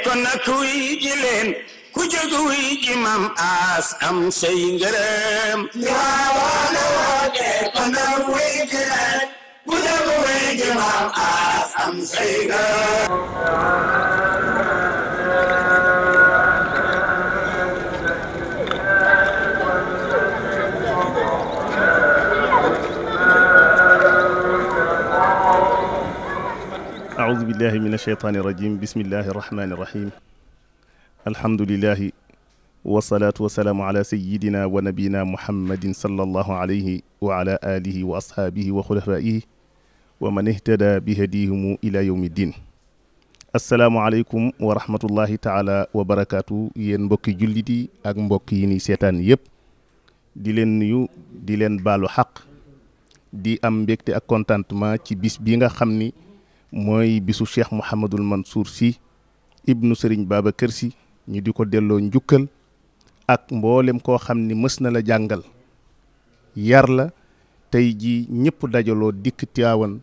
kon na kuy leen ku jóg wuy ji mam aas am say ngërëm Tiwaawana woote kon na kuy ji leen ku jóg wuy ji mam aas am say ngërëm أعوذ بالله من الشيطان الرجيم بسم الله الرحمن الرحيم الحمد لله والصلاة والسلام على سيدنا ونبينا محمد صلى الله عليه وعلى آله وأصحابه وخلفائه ومن اهتدى بهديهم إلى يوم الدين السلام عليكم ورحمة الله تعالى وبركاته ين بوكي جلدي أك بوكي ني سيتان يب di leen nuyu di leen baalu xaq di am mbégte ak contentement ci bis bi nga xam ni mooy bisu cheikh Mouhamadul Mansour si ibnu Serigne kër si ñu di ko delloo njukkal ak mboolem koo xam ni mës na la jàngal yar la tey ji ñëpp dajaloo dikk Tiwaawan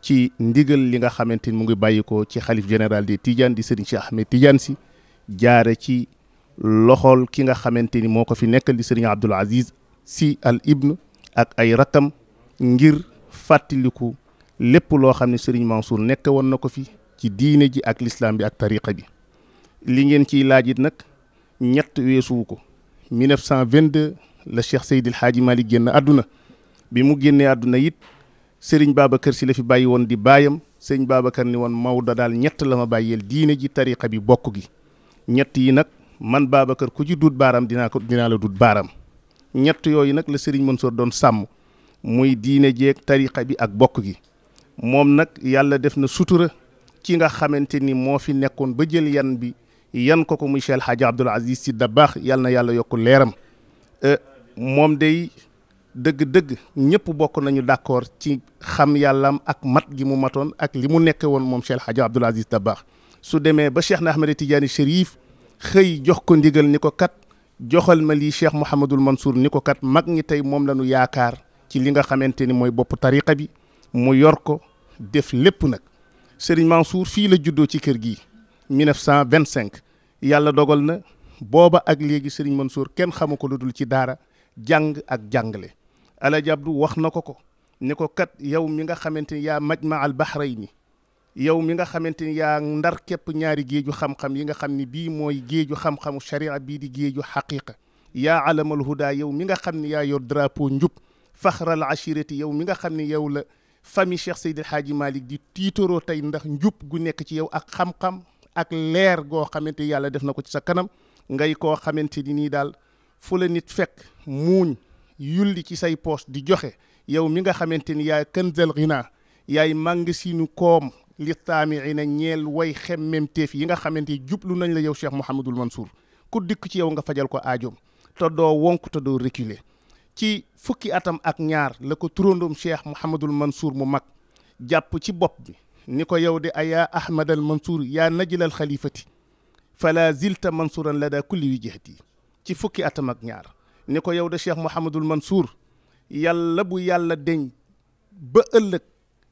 ci ndigal li nga xamante ni mu ngi bàyyi ko ci xalif général des Tidiane di Serigne Cheikh Ahmed Tidiane si jaare ci loxol ki nga xamante ni moo ko fi nekkal di Serigne Abdoul Aziz si al ibn ak ay rakkam ngir fàttaliku. lépp loo xam ne sëriñ Mansour nekk woon na ko fi ci diine ji ak lislaam bi ak tariqa bi li ngeen ciy laaj nag ñett weesuwu ko vingt 1922 la Cheikh Seydil Hadji Malick génn àdduna bi mu génnee àdduna it sëriñ kër si la fi bàyyi woon di baayam sëriñ Babacar ni woon Maodo daal ñett la ma bàyyeel diine ji tariqa bi bokk gi ñett yi nag man kër ku ci duut baaraam dinaa ko dinaa la duut baaraam ñett yooyu nag la sëriñ Mansour doon sàmm muy diine jeeg tariqa bi ak bokk gi moom nag yàlla def na sutura ci nga xamante ni moo fi nekkoon ba jël yan bi yan ko ko muy Cheikh Hadji Abdoul Aziz Sy Dabakh yàlla na yàlla yokk leeram euh, moom day dëgg-dëgg ñëpp bokk nañu d'accord ci xam yàllaam ak mat gi mu matoon ak li mu nekke woon moom Cheikh Hadji Abdoul Aziz Dabakh su demee ba Cheikh na Ahmed Tidiane Chérif xëy jox ko ndigal ni ko kat joxal ma lii Cheikh Mouhamadul Mansour ni ko kat mag ñi tey moom la ñu yaakaar ci li nga xamante ni mooy bopp tariqa bi mu yor ko def lépp nag Serigne Mansour fii la juddoo ci kër gi 1925 yàlla dogal na booba ak léegi Serigne Mansour kenn xamu ko lu dul ci daara jàng ak jàngale Alaaji Abdu wax na ko ko ne ko kat yow mi nga xamante ni yaa majma al bahrayni yow mi nga xamante ni yaa ndar képp ñaari géeju xam-xam yi nga xam ni bii mooy géeju xam-xamu sharia bii di géeju xaqiqa yaa alamal huda yow mi nga xam ni yaa yor drapeau njub faxral ashirati yow mi nga xam ni yow la famille Cheikh Seydi El Hadji Malick di tiitaroo tey ndax njub gu nekk ci yow ak xam-xam ak leer goo xamante yàlla def na ko ci sa kanam ngay koo xamante ni nii daal fu la nit fekk muuñ yulli ci say poos di joxe yow mi nga xamante ni yaay kënzel ghina yaay màng sinu koom li taamiina ñeel way xemmem teef yi nga xamante jublu nañ la yow Cheikh Mouhamadul Mansour ku dikk ci yow nga fajal ko aajoom te doo wonk te doo reculer ci fukki atam ak ñaar la ko turandoom cheikh Mouhamadul Mansour mu mag jàpp ci bopp bi ni ko yow de ayaa Ahmadal Mansour yaa najilal xalifati fala zilta mansuran la daa kulli wi jihati ci fukki atam ak ñaar ni ko yow de cheikh Mouhamadul Mansour yàlla bu yàlla deñ ba ëllëg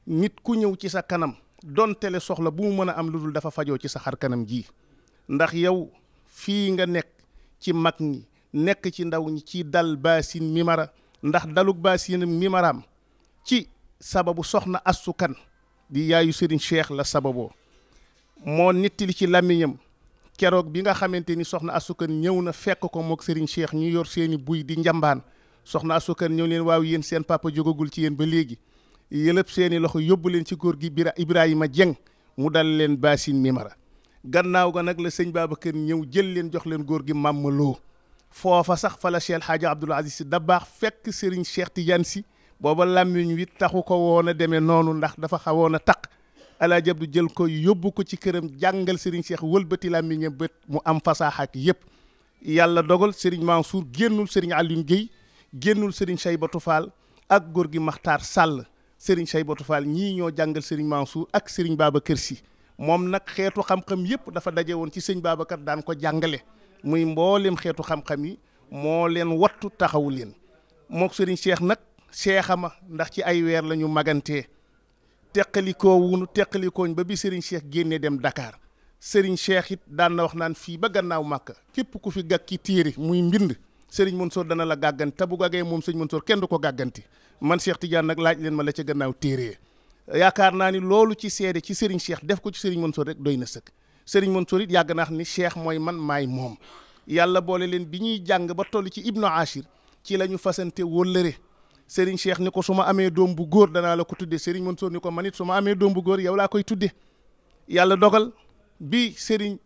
nit ku ñëw ci sa kanam donte soxla bu mu mën a am lu dul dafa fajoo ci sa xar kanam ji ndax yow fii nga nekk ci mag ñi. nekk ci ndaw ñi ci dal baasin mimara ndax dalug baasin mimaraam ci sababu soxna assukan di yaayu Serigne Cheikh la sababoo moo nittali ci làmmiñam keroog bi nga xamante ni soxna assukan ñëw na fekk ko moog Serigne Cheikh ñu yor seeni buy di njambaan soxna assukan ñëw leen waaw yéen seen papa jógagul ci yéen ba léegi yëlëb seeni loxo yóbbu leen ci góor gi bira Ibrahima Dieng mu dal leen baasin mimara gannaaw ga nag la sëñ kër ñëw jël leen jox leen góor gi màmmaloo foofa sax fa la Cheikh Hadji si da baax Dabakh fekk Serigne Cheikh Tidiane si booba làmmiñ wi taxu ko woon a demee noonu ndax dafa xawoon a taq Alaaji Abdu jël ko yóbbu ko ci këram jàngal Serigne Cheikh wëlbati làmmiñam bët mu am fasaax ak yëpp yàlla dogal Serigne Mansour génnul Serigne Alioune Guèye génnul Serigne Cheybatu Fall ak góor gi Makhtar sàll Serigne Cheybatu Fall ñii ñoo jàngal Serigne Mansour ak Serigne Babacar si moom nag xeetu xam-xam yëpp dafa daje woon ci sëñ Babacar daan ko jàngale muy mboolem xeetu xam-xam yi moo leen wattu taxawu leen mook sëriñ Cheikh nag ma ndax ci ay weer la ñu magantee teqalikoo wunu teqalikooñ ba bi sëriñ Cheikh génnee dem Dakar sëriñ Cheikh it daan na wax naan fii ba gannaaw màkk képp ku fi gàkki téere muy mbind sëriñ Mansour dana la gàgganti te bu gàggee moom sëriñ Mansour kenn du ko gàgganti man Cheikh Tidiane nag laaj leen ma la ca gannaaw téere yaakaar naa ni loolu ci seede ci sëriñ Cheikh def ko ci sëriñ Mansour rek doy na sëkk sëriñ mën it yàgg naax ni cheikh mooy man maay moom yàlla boole leen bi ñuy jàng ba toll ci ibnu Achir ci la ñu fasante wóllëre sëriñ cheikh ni ko su ma amee doom bu góor danaa la ko tudde mën soor ni ko man suma amee doom bu góor yow koy tudde yàlla dogal bi sëriñ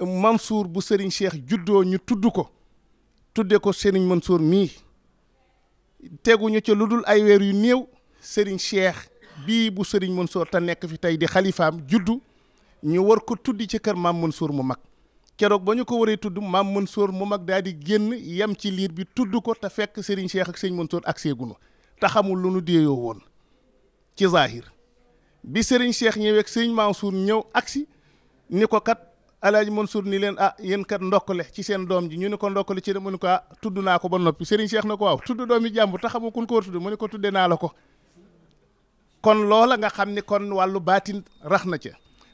Mansour bu sëriñ cheikh juddoo ñu tudd ko tudde ko sëriñ soor mii teguñu ci lu dul ay weer yu néew sëriñ cheikh bii bu sëriñ soor te nekk fi tey di xalifaam juddu ñu war ko tuddi ci kër maam Mansour mu mag keroog ba ñu ko waree tudd maam mën Mansour mu mag daal di génn yem ci liir bi tudd ko te fekk sëriñ seex ak Serigne Mansour ak seegunu te xamul lu nu déeyoo woon ci zahir bi Serigne Cheikh ñëwee ak Serigne Mansour ñëw agsi ni ko kat alaaji Mansour ni leen ah yéen kat le ci seen doom ji ñu ne ko ndokkale ci mu mënu ko ah tudd naa ko ba noppi Serigne seex na ko waaw tudd doom yi jàmbur te xamul kun ko war tudd mu ko tudde naa la ko kon loola nga xam ni kon wàllu baatin rax na ca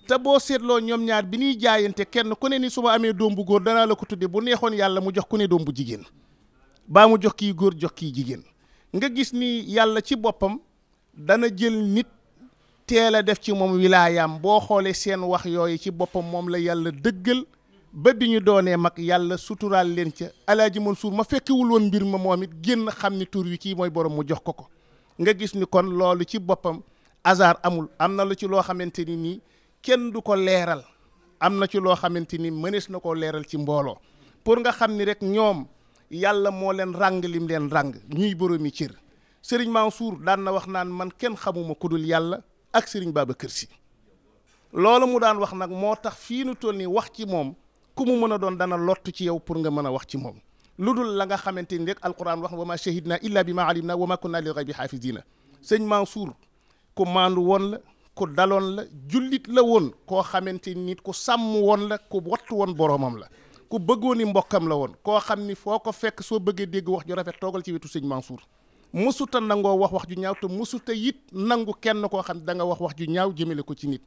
te boo seetloo ñoom ñaar bi ñuy jaayante kenn ku ne ni su ma amee doom bu góor danaa la ko tudde bu neexoon yàlla mu jox ku ne doom bu jigéen baa mu jox góor jox jigéen nga gis ni yàlla ci boppam dana jël nit teel a def ci moom wilaayaam boo xoolee seen wax yooyu ci boppam moom la yàlla dëggal ba bi ñu doonee mag yàlla suturaal leen ca alaaji Mansuur ma fekkiwul mbir ma moom it génn xam ni tur wi kii mooy borom mu jox ko ko nga gis ni kon loolu ci boppam hasard amul am na lu ci loo xamante ni nii kenn du ko leeral am na ci loo xamante ni mënees na koo leeral ci mbooloo pour nga xam ni rek ñoom yàlla moo leen ràng lim leen ràng ñuy boroomi cër sëriñ Mansour daan na wax naan man kenn xamuma ku dul yàlla ak sëriñ Babacar Sy loolu mu daan wax nag moo tax fii nu toll nii wax ci moom ku mu mën a doon dana lott ci yow pour nga mën a wax ci moom lu dul la nga xamante ni rek alquran wax wa ma shahid naa illa bi ma alim naa wa ma kunna lil ghaybi xaafisina sëñ Mansour ku daloon la jullit la woon koo xamante ni nit ku sàmm woon la ku wattu woon boroomam la ku bëggoon ni mbokkam la woon koo xam ni foo ko fekk soo bëggee dégg wax ju rafet toogal ci wetu sëñ Mansour mësuta nangoo wax wax ju ñaaw te mësuta yit nangu kenn koo xam da danga wax wax ju ñaaw jëmale ko ci nit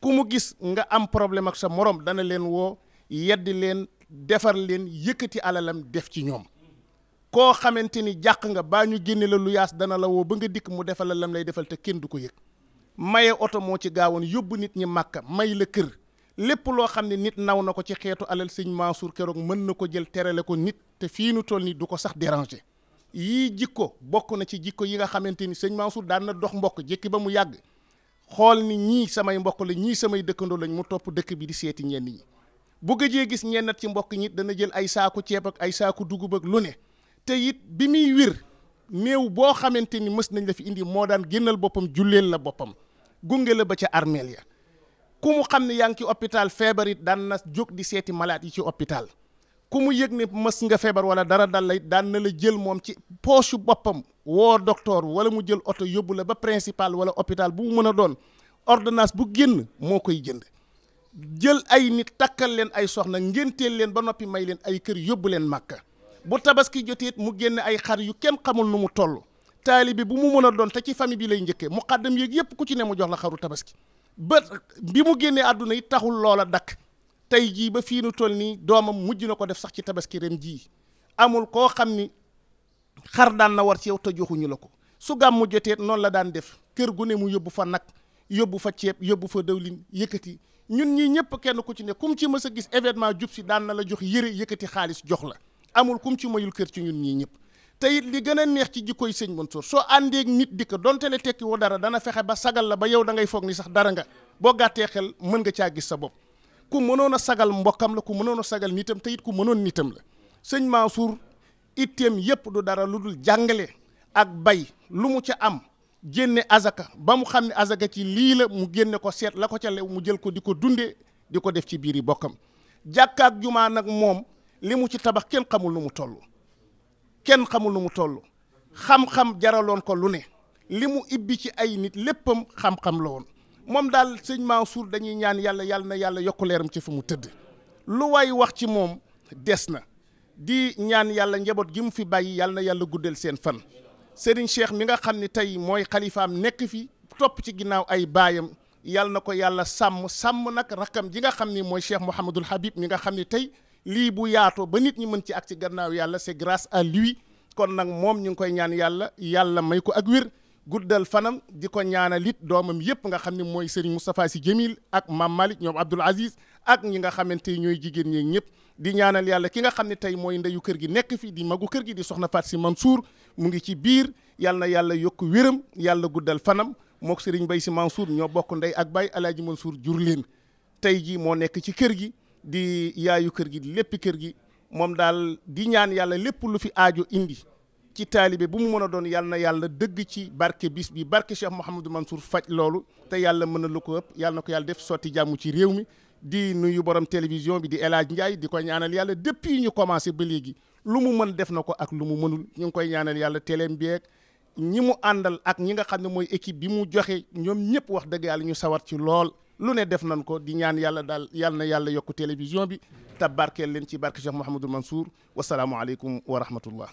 ku mu gis nga am problème ak sa moroom dana leen woo yeddi leen defar leen yëkkati alalam def ci ñoom koo xamante ni jàq nga baa ñu génne la lu yaas dana la woo ba dikk mu defal la lam lay defal te kenn du ko yëg maye oto moo ci gaawoon yóbbu nit ñi màkka may la kër lépp loo xam ne nit naw na ko ci xeetu alal sëñ Mansour keroog mën na ko jël terale ko nit te fii nu toll nii du ko sax déranger yii jikko bokk na ci jikko yi nga xamante ni sëñ Mansour daan na dox mbokk jékki ba mu yàgg xool ni ñii samay mbokk la ñii samay dëkkandoo lañ mu topp dëkk bi di seeti ñenn ñi bu jee gis ñennat ci mbokk ñi dana jël ay saaku ceeb ak ay saaku dugub ak lu ne te it bi muy wir néew boo xamante ni mës nañ la indi moo daan génnal boppam julleel la boppam gunge la ba ca armeel ya ku mu xam ne yaa ngi ci hôpital feebar it daan na jóg di seeti malaat yi ci hôpital ku mu yëg ne mës nga feebar wala dara dal la daan na la jël moom ci poche boppam woo docteur wala mu jël oto yóbbu la ba principal wala hôpital bu mu mën a doon ordonnance bu génn moo koy jënd jël ay nit takkal leen ay soxna ngénteel leen ba noppi may leen ay kër yóbbu leen màkka bu tabaski jotee mu génn ay xar yu kenn xamul lu mu toll bi bu mu mën a doon te ci famille bi lay njëkkee muqaddam yeeg yëpp ku ci ne mu jox la xaru tabaski ba bi mu génnee àdduna yi taxul loola dakk tey jii ba fii nu toll nii doomam mujj na ko def sax ci tabaski ren jii amul koo xam ni xar daan na war ci yow te joxuñu la ko su gàmmu jotee noonu la daan def kër gu ne mu yóbbu fa nag yóbbu fa ceeb yóbbu fa dawlin yëkkati ñun ñii ñëpp kenn ku ci ne kum ci mës a gis événement jub si daan na la jox yére yëkkati xaalis jox la amul kum ci mayul kër ci ñun ñii ñëpp te li gën a neex ci jikkoy sëñ Mansour soo àndee nit di ko donte le tekki woo dara dana fexe ba sagal la ba yow da ngay foog ni sax dara nga boo gàttee xel mën nga caa gis sa bopp ku mënoon a sagal mbokkam la ku mënoon sagal nitam te it ku mënoon nitam la sëñ Mansour itteem yépp du dara lu dul jàngale ak bay lu mu ca am génne azaka ba mu xam ne azaka ci lii la mu génne ko seet la ko ca lew mu jël ko di ko dundee di ko def ci biir yi bokkam jàkkaak jumaa nag moom li mu ci tabax kenn xamul lu mu toll kenn xamul nu mu toll xam-xam jaraloon ko lu ne li mu ibbi ci ay nit léppam xam-xam la woon moom daal sëñ Mansour dañuy ñaan yàlla yàlla na yàlla yokku leeram ci fu mu tëdd lu waay wax ci moom des na di ñaan yàlla njaboot gi mu fi bàyyi yàlla yàlla guddal seen fan Serigne Cheikh mi nga xam ni tey mooy xalifaam nekk fi topp ci ginnaaw ay baayam yàlla na ko yàlla sàmm sàmm nag rakkam ji nga xam ni mooy Cheikh Mouhamadul Habib mi nga xam ni tey lii bu yaatoo ba nit ñi mën ci ak ci gannaaw yàlla c'est grace a lui kon nag moom ñu ngi koy ñaan yàlla yàlla may ko ak wér guddal fanam di ko ñaanal doomam yëpp nga xam ne mooy Serigne Moustapha si Djamil ak Mame Malick ñoom Abdoul Aziz ak ñi nga xamante ñooy jigéen ñeeg ñëpp di ñaanal yàlla ki nga xam ne tey mooy ndeyu kër gi nekk fi di magu kër gi di soxna Fatou Sy Mansour mu ngi ci biir yàlla na yàlla yokk wéram yàlla guddal fanam mook Serigne bay si Mansour ñoo bokk ndey ak baay Alaaji Mansour jur leen tey jii moo nekk ci kër gi di yaayu kër gi di léppi kër gi moom daal di ñaan yàlla lépp lu fi aajo indi ci taalibe bu mu mën a doon yàlla na yàlla dëgg ci barke bis bi barke Cheikh Mouhamadou Mansour faj loolu te yàlla mën na lu ko ëpp yàlla na ko yàlla def sotti jàmm ci réew mi di nuyu borom télévision bi di El Hadj Ndiaye di ko ñaanal yàlla depuis ñu commencé ba léegi lu mu mën def na ko ak lu mu mënul ñu ngi koy ñaanal yàlla téléem beeg ñi mu àndal ak ñi nga xam ne mooy équipe bi mu joxe ñoom ñëpp wax dëgg yàlla ñu sawar ci lool lu ne def nan ko di ñaan yàlla daal na yàlla yokk télévision bi te barkeel leen ci barke Cheikh Mouhamadul Mansour wasalaamualeykum wa rahmatullah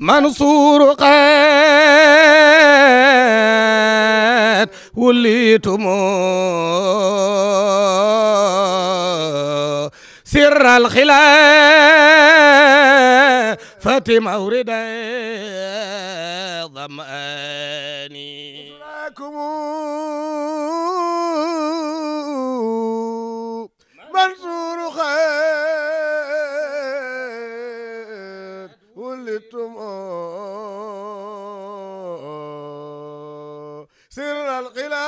منصور قد وليتم سر الخلافة موردا الظمآن أسراكم منصور خير ولدتم سر القلاء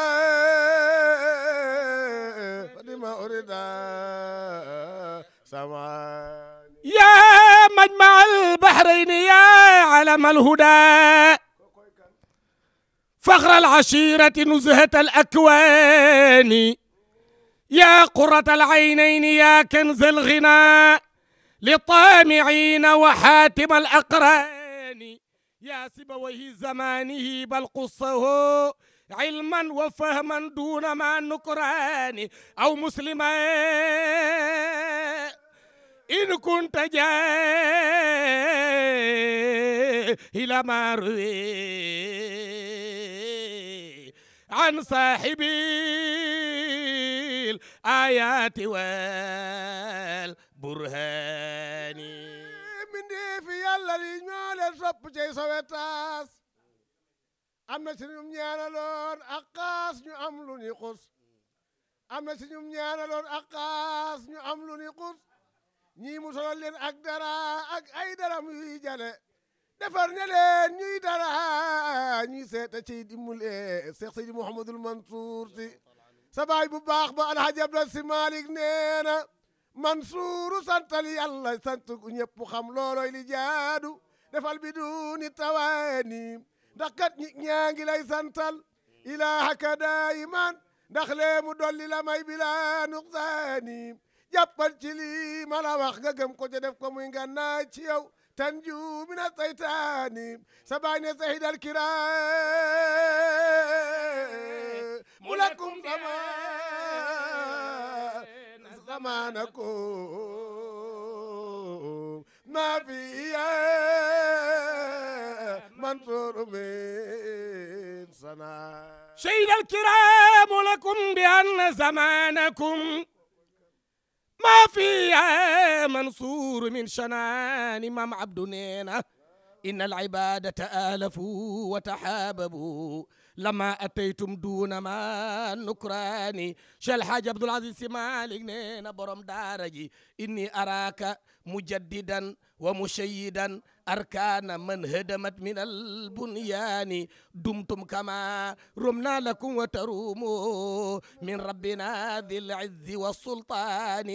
لما أريد سمعان يا مجمع البحرين يا علم الهدى فخر العشيرة نزهة الأكوان يا قرة العينين يا كنز الغناء للطامعين وحاتم الأقران يا سبويه زمانه بل قصه علما وفهما دون ما نكران أو مسلمان إن كنت جاي إلى ما روي عن صاحبي الآيات والبرهان من دي في يلا لي نيول الرب جاي سويتاس أمنا سنم نيانا لون أقاس نعملو نيقص أمنا سنم نيانا لون أقاس نعملو نيقص ñii mu solal leen ak dara ak ay daram yuy jale defar ne leen ñuy dara ñuy seeta ciy dimbulee Cheikh Seydi Mouhamadul Mansour si sabaay bu baax ba alhaji Abdal si Malick nee Mansuuru santal yàlla sant gu ñëpp xam loolooy li jaadu defal bi duuni tawaani ndax santal ilaahaka daayiman ndax mu dolli may bila nuqsaani jàppal ci lii ma wax nga gëm ko ca def ko muy ngànnaay ci yow tanju mina saytaani sa baay ne sahidal kira mu lakum sama zamana ma fi iya mansuru min sana sahidal kira mu lakum bi anna zamanakum maa fi mansuur min shanaani maam abdu neena inna al ibadata alafu wa tahababu lama ataytum duuna ma nukraani Cheikh Hadj Abdoul Aziz Sy Malick neena borom daara ji inni araka mujaddidan wa mushayidan أركان من هدمت من البنيان دمتم كما رمنا لكم وتروموا من ربنا ذي العز والسلطان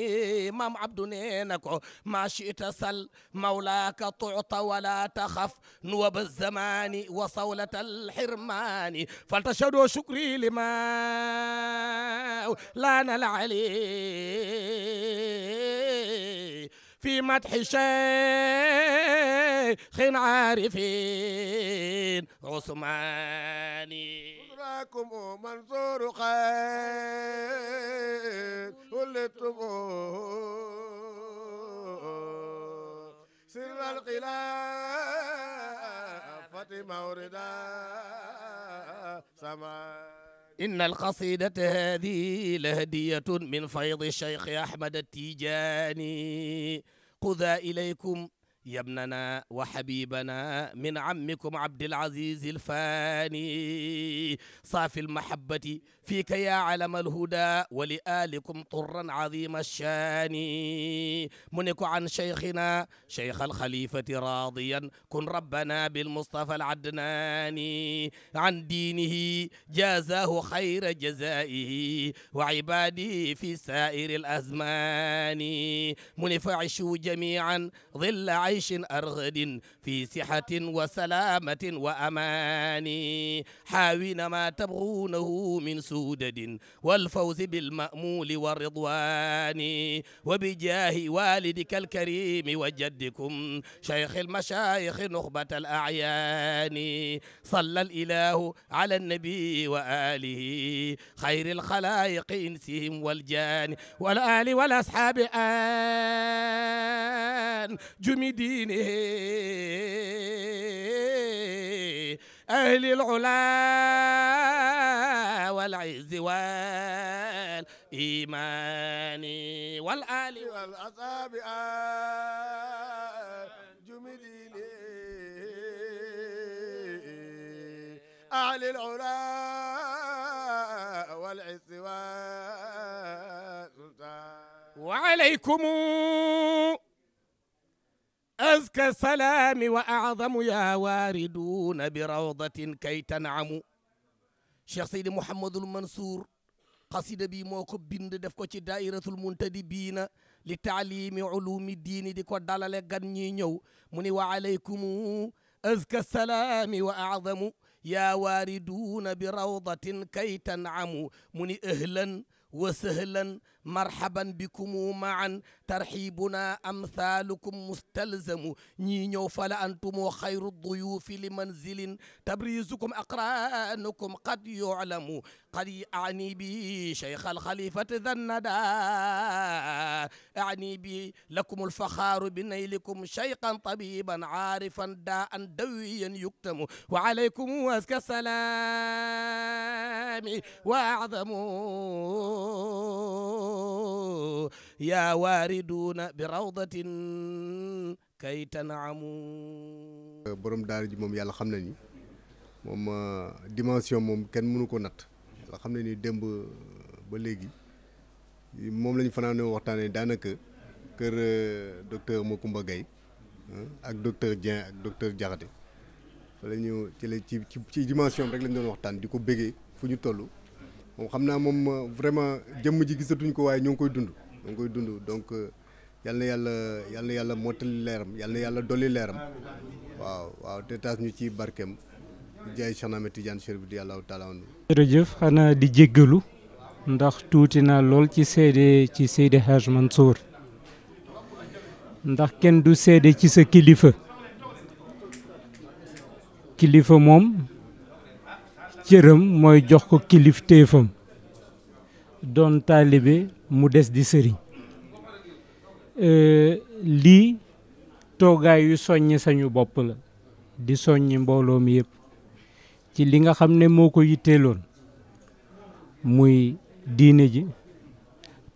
مام عبد نينك ما شئت سل مولاك تعطى ولا تخف نوب الزمان وصولة الحرمان فلتشهدوا شكري لما لا نلعلي في مدح شيخ عارفين عثماني راكم منصور خير ولتم سر الخلافة موردا سماء إن القصيدة هذه لهدية من فيض الشيخ أحمد التيجاني قذا إليكم يبننا وحبيبنا من عمكم عبد العزيز الفاني صافي المحبة فيك يا علم الهدى ولآلكم طرا عظيم الشان منك عن شيخنا شيخ الخليفة راضيا كن ربنا بالمصطفى العدناني عن دينه جازاه خير جزائه وعباده في سائر الأزمان منفعشوا جميعا ظل عين عيش أرغد في صحة وسلامة وأمان حاوين ما تبغونه من سودد والفوز بالمأمول والرضوان وبجاه والدك الكريم وجدكم شيخ المشايخ نخبة الأعيان صلى الإله على النبي وآله خير الخلائق إنسهم والجان والآل والأصحاب آن جمدي diine ahli al-ulaa wal izzi wal iimaani wal aali wal asaabi jumi diine ahli al-ulaa wal izzi wal sultaan wa alaykum أزكى السلام وأعظم يا واردون بروضة كي تنعموا Cheikh Seydi Mouhamadul Mansour xasida bi moo ko bind def ko ci dairatul muntadi biina li taalimi ulumi diini di ko dalale gan ñi ñëw mu ni wa alaykum azka salaami wa aadamu yaa waariduuna bi rawdatin kay tanamu mu ni ahlan wa sahlan marhaban bikumu maan tarxibuna amthaalukum mustalzamu ñii ñëw fala antumoo xayru duyuufi li manzilin tabrizukum aqraanukum qad yulamu qad ani bi cheikh alxalifati dannada ani bi lakum alfaxaaru bi naylikum cheikhan tabiban aarifan daa an dawiyan yuktamu wa alaykum aska salaami wa aadamu yaa waariduuna bi rawdatin kay tanaamu borom daara ji moom yàlla xam na ni moom dimension moom kenn mënu ko natt yàlla xam na ni démb ba léegi moom lañu ñu fanaanoo waxtaanee daanaka kër docteur Macoumba Gaye ak docteur Dieng ak docteur Diakhaté fa la ñu ci ci ci dimension rek la ñu waxtaan di ko bëggee fu ñu toll moom xam naa moom euh, vraiment jëmm ji gisatuñ ko waaye ñoo ngi koy dund ñoo ngi koy dund donc euh, yal na yàlla yàlla mottali leeram yal yàlla dolli leeram waaw waaw te taas ñu ci barkeem jaay Cheikh Ahmed Tidiane Chérif bi di àllahu taala anu jërëjëf xanaa di jéggalu ndax tuuti naa lool ci seede ci Seydi Hadj Mansour ndax kenn du seede ci sa kilifa kilifa moom cëram mooy jox ko kilif téefam doon taalibe mu des di sëriñ euh, lii toogaay yu soññ sañu bopp la di soññi mbooloo mi yëpp ci li nga xam ne moo ko yitteeloon muy diine ji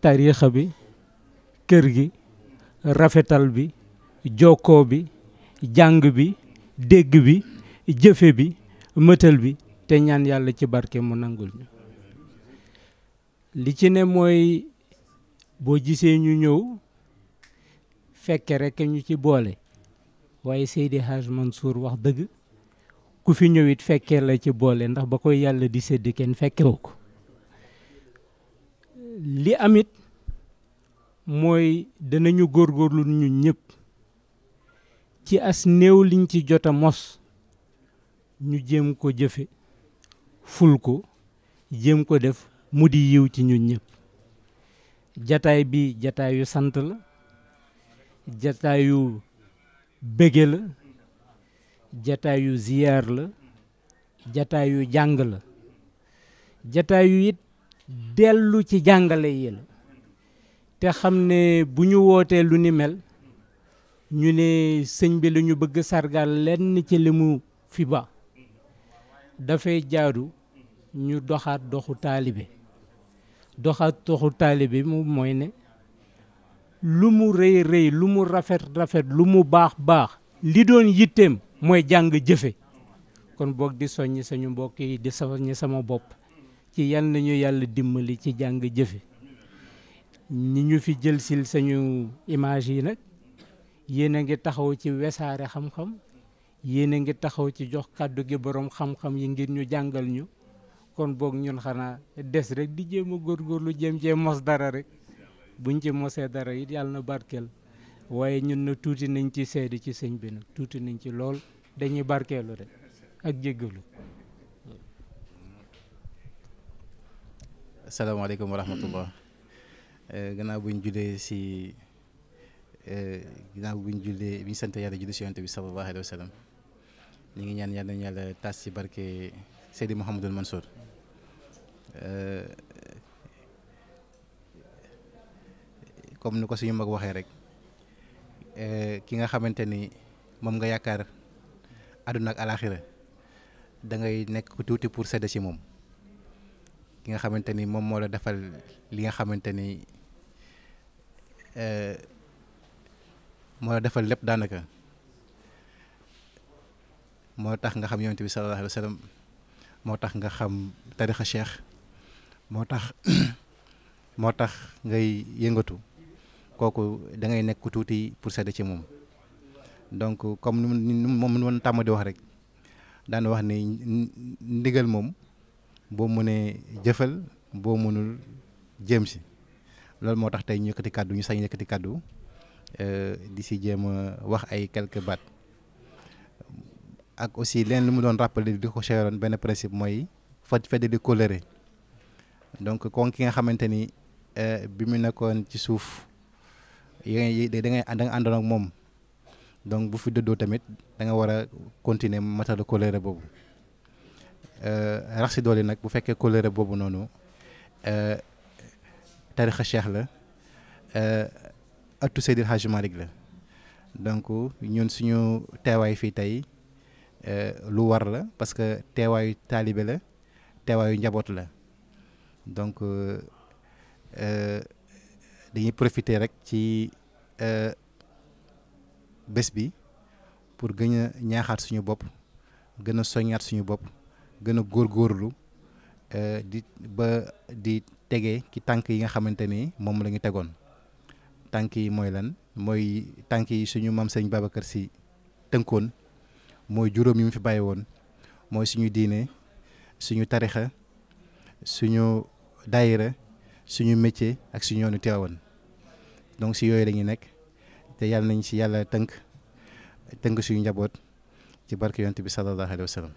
tariixa bi kër gi rafetal bi jokkoo bi jàng bi dégg bi jëfe bi mëtal bi te yàlla ci barke mu nangul ñu li ci ne mooy boo gisee ñu ñëw fekke rek ñu ci boole waaye Seydi Hadj Mansour wax dëgg ku fi ñëw it fekkee la ci boole ndax ba koy yàlla di sedd kenn fekkewu ko li amit mooy danañu góorlu ñu ñëpp ci as néew liñ ci jot a mos ñu jéem ko jëfe ful ko jéem ko def mu di yiw ci ñun ñëpp jataay bi jataayu sant la jataayu bége la jataayu ziyaar la jataayu jàng la jataayu it dellu ci jàngale yi la te xam ne bu ñu wootee lu ni mel ñu ne sëñ bi la ñu bëgg sargal lenn ci li mu fi ba dafay jaadu ñu doxaat doxu taalibe doxaat doxu taalibe mu mooy ne lu mu rëy rëy lu mu rafet rafet lu mu baax baax li doon yitteem mooy jàng jëfe kon boog di soññi sañu mbokk yi di soññi sama bopp ci yal nañu yàlla dimbali ci jàng jëfe ñi ñu fi jëlsil sañu image yi nag yéen a ngi taxaw ci wesaare xam-xam yéen a ngi taxaw ci jox kàddu gi boroom xam-xam yi ngir ñu jàngal ñu kon boog ñun xanaa des rek di jéem a góorgóorlu jéem jéem mos dara rek buñ ci mosee dara it yàlla na barkeel waaye ñun na tuuti nañ ci seede ci sëñ bi nag tuuti nañ ci lool dañuy barkeelu rek ak jéggalu asalaamaaleykum wa rahmatullah eh, bu ñu julee si eh, bu ñu jullee bi ñu sant yàlla julli si yonent bi sallallahu alayhi wa sallam ñu ngi ñaan yàlla nañu yàlla tas ci barke Seydi Mouhamadul Mansour euh, comme ni ko suñu mag waxee rek euh, ki nga xamante ni moom nga yaakaar àdduna ak alaaxira da ngay nekk tuuti pour sedda ci moom ki nga xamante ni moom moo la defal li nga xamante ni euh, moo la defal lépp daanaka. moo tax nga xam yonent bi sallallahu alayhi wa sallam moo tax nga xam tarixa cheikh moo tax moo tax ngay yëngatu kooku da ngay nekk ku tuuti pour sedd ci moom donc comme ni moom nu woon tàmm di wax rek daan wax ne ndigal moom boo mënee jëfal boo mënul jéem si loolu moo tax tey ñu yëkkati kàddu ñu sañ yëkkati kàddu euh, di si jéem a wax ay quelques baat ak aussi leen lu mu doon rappelé di ko cheroon benn principe mooy faj fedd di coloré donc kon ki nga xamante ni euh, bi mu nekkoon ci suuf yi da ngay da nga àndoon ak moom donc bu fi dëddoo tamit da nga war a continuer matal coloré boobu euh, rax si nag bu fekkee coloré boobu noonu euh, tarixa cheikh la attu Seydil Hadji Malick la donc ñun suñu teewaay fii tey Euh, lu war la parce que teewaayu taalibe la teewaayu njaboot la donc euh, euh, dañuy profiter rek ci bés bi pour gën a ñaaxaat suñu bopp gën a soññaat suñu bopp gën a góorgóorlu di ba di tegee ci tànk yi nga xamante ni moom la tegoon tànk yi mooy lan mooy tànk yi suñu maam sëñ Babacar si tënkoon mooy juróom yi mu fi bàyyi woon mooy suñu diine suñu tarixa suñu daayira suñu métier ak suñu yoonu teewoon donc si yooyu la ñuy nekk te yàlla nañ si yàlla tënk tënk suñu njaboot ci barke yonent bi sallallahu alayhi wa sallam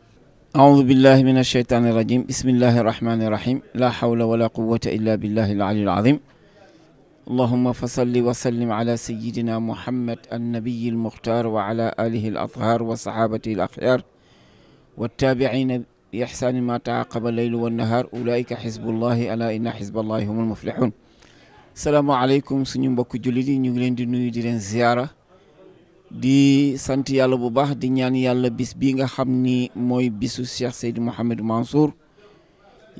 أعوذ بالله من الشيطان الرجيم بسم الله الرحمن الرحيم لا حول la قوة إلا بالله العلي العظيم allahuma fa salli wa sallim ala sayidina muhammad annabiyi almuxtaar wa ala alihi al athaar wa saxaabatihi al axyaar wattaabiciina bi ixsaani ma taaqaba leylu wannahaar ulaayika xisbullahi ala inna xisballahi hum almuflixuun salaamaaleykum suñu mbokk jullit yi ñu ngi leen di nuyu di leen ziyaara di sant yàlla bu baax di ñaan yàlla bis bii nga xam ni mooy bisu cheikh seydi mouhamed mansour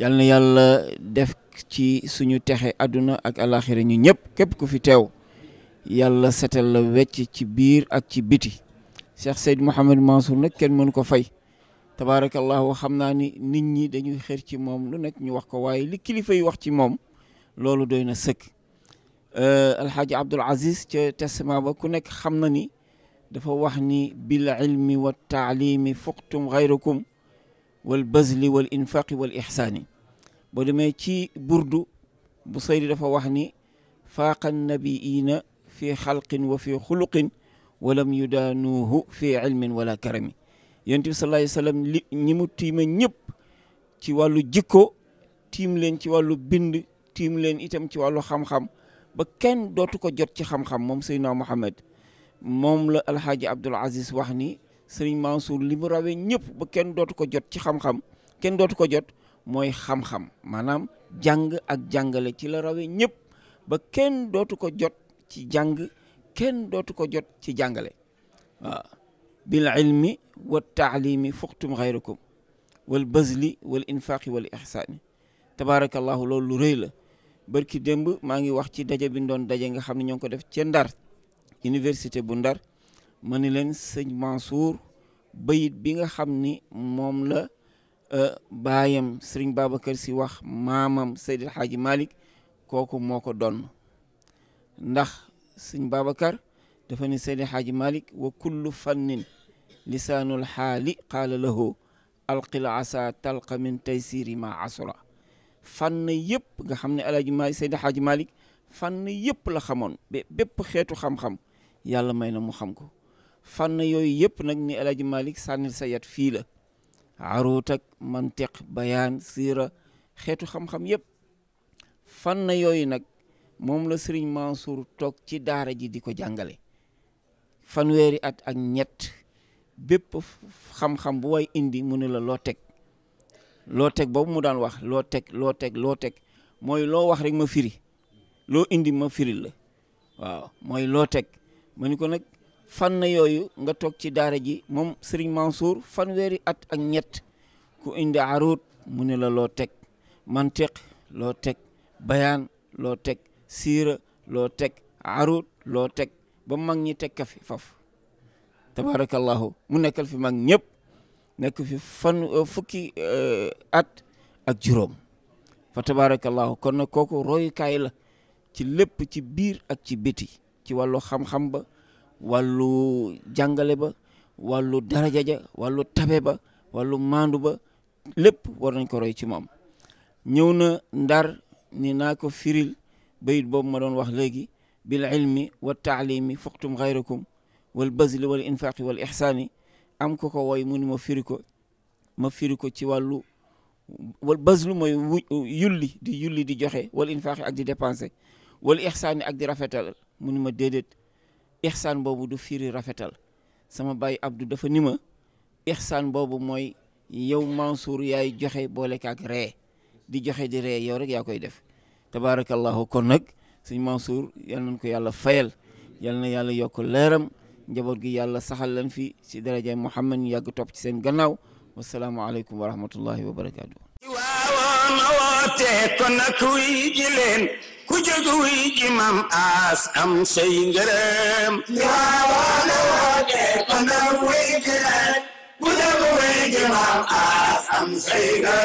yàlla na yàlla def ci suñu texe àdduna ak alaxira ñu ñëpp képp ku fi teew yàlla setal la wecc ci biir ak ci biti Cheikh Seyd Mouhamed Mansour nag kenn mënu ko fay tabaarakallahu xam naa ni nit ñi dañuy xër ci moom lu nekk ñu wax ko waaye li kilifa yi wax ci moom loolu doy na sëkk euh, alxaaji Abdul Aziz ca testament ba ku nekk xam na ni dafa wax ni bil ilmi wa taalimi fuqtum xayrakum wal bazli wal infaqi wal ixsaani boo demee ci burdu bu saydi dafa wax ni faaqa nabiina fi xalqin wa fi xuluqin walam yudaanuuhu fi ilmin wala karami yonent bi sallallahu alayhi wasallam li ñi mu tiime ñëpp ci wàllu jikko tiim leen ci wàllu bind tiim leen itam ci wàllu xam ba kenn dootu ko jot ci xam moom Seydina Muhammad moom la alxaaji Abdul Aziz wax ni Sëriñ Mansour li mu rawee ñëpp ba kenn dootu ko jot ci xam kenn dootu ko jot mooy xam-xam maanaam jàng ak jàngale ci la rawe ñëpp ba kenn dootu ko jot ci jàng kenn dootu ko jot ci jàngale waaw bil ilmi wa taalimi fuqtum xayrakum wal bazli wal infaqi wal ihsaani tabaarakallahu loolu lu rëy la barki démb maa ngi wax ci daje bi doon daje nga xam ne ñoo ngi ko def ci ndar université bu ndar ma ni leen sëñ Mansour bayit bi nga xam ni moom la Euh, baayam sëriñ Babacar si wax maamam Seydil Hadji Malick kooku moo ko donn ndax sëriñ Babacar dafa ne Seydil Hadji malik wa kullu fannin lisaanul xaali qaala lahu alqil asa talqa min taysiri ma asura fànn yëpp nga xam ne alaaji Malick Seydil Hadji Malick fànn yëpp la xamoon ba bépp xeetu xam-xam yàlla may na mu xam ko fànn yooyu yëpp nag ni alaaji Malick sànnil sa yat fii la aruut ak mantiq bayaan siira xeetu xam-xam fan na yooyu nag moom la Serigne Mansour toog ci daara ji di ko jàngale fanweeri at ak ñett bépp xam-xam bu way indi mu ne la loo teg loo teg boobu mu daan wax loo teg loo teg loo teg mooy loo wax rek ma firi loo indi ma firi la waaw mooy loo teg ma ni ko nag fànn yooyu nga toog ci daara ji moom Serigne Mansour fanweeri at ak ñett ku indi aruut mu ne la loo teg mantiq loo teg bayaan loo teg siira loo teg aruut loo teg ba mag ñi teg ka fi faf tabarakallahu mu nekkal fi mag ñëpp nekk fi fan euh, fukki euh, at ak juróom fa tabarakallahu kon nag kooku royukaay la ci lépp ci biir ak ci biti ci wàllu xam-xam ba wallu jàngale ba wàllu daraja ja wàllu tabe ba wàllu maandu ba lépp war nañ ko roy ci moom ñëw na ndar ni naa ko firil bayit boobu ma doon wax léegi bil ilmi wa taalimi fuqtum xayrakum wal bazli wal infaqi wal ixsaani am ko ko woy mu ni ma firi ko ma firi ci wàllu wal bazlu mooy yulli di yulli di joxe wal infaqi ak di dépenser wal ixsaani ak di rafetal mu ni ma déedéet ixsaan boobu du firi rafetal sama baay Abdou dafa ni ma ixsaan boobu mooy yow Mansour yaay joxe boole kaak ree di joxe di ree yow rek yaa koy def tabaarakallahu kon nag sëñ Mansour yal nañ ko yàlla fayal yal na yàlla yokk leeram njaboot gi yàlla saxal leen fi ci darajaay Muhammad ñu yàgg topp ci seen gannaaw wasalaamualeykum wa rahmatullahi wa barakaatu. woote kon nag wuy ji leen ku jóg wuy ji mam aas am say ngërëm yaawaana woote ko ndam wuy ji rek ku jóg wuy ji mam aas am say ngërëm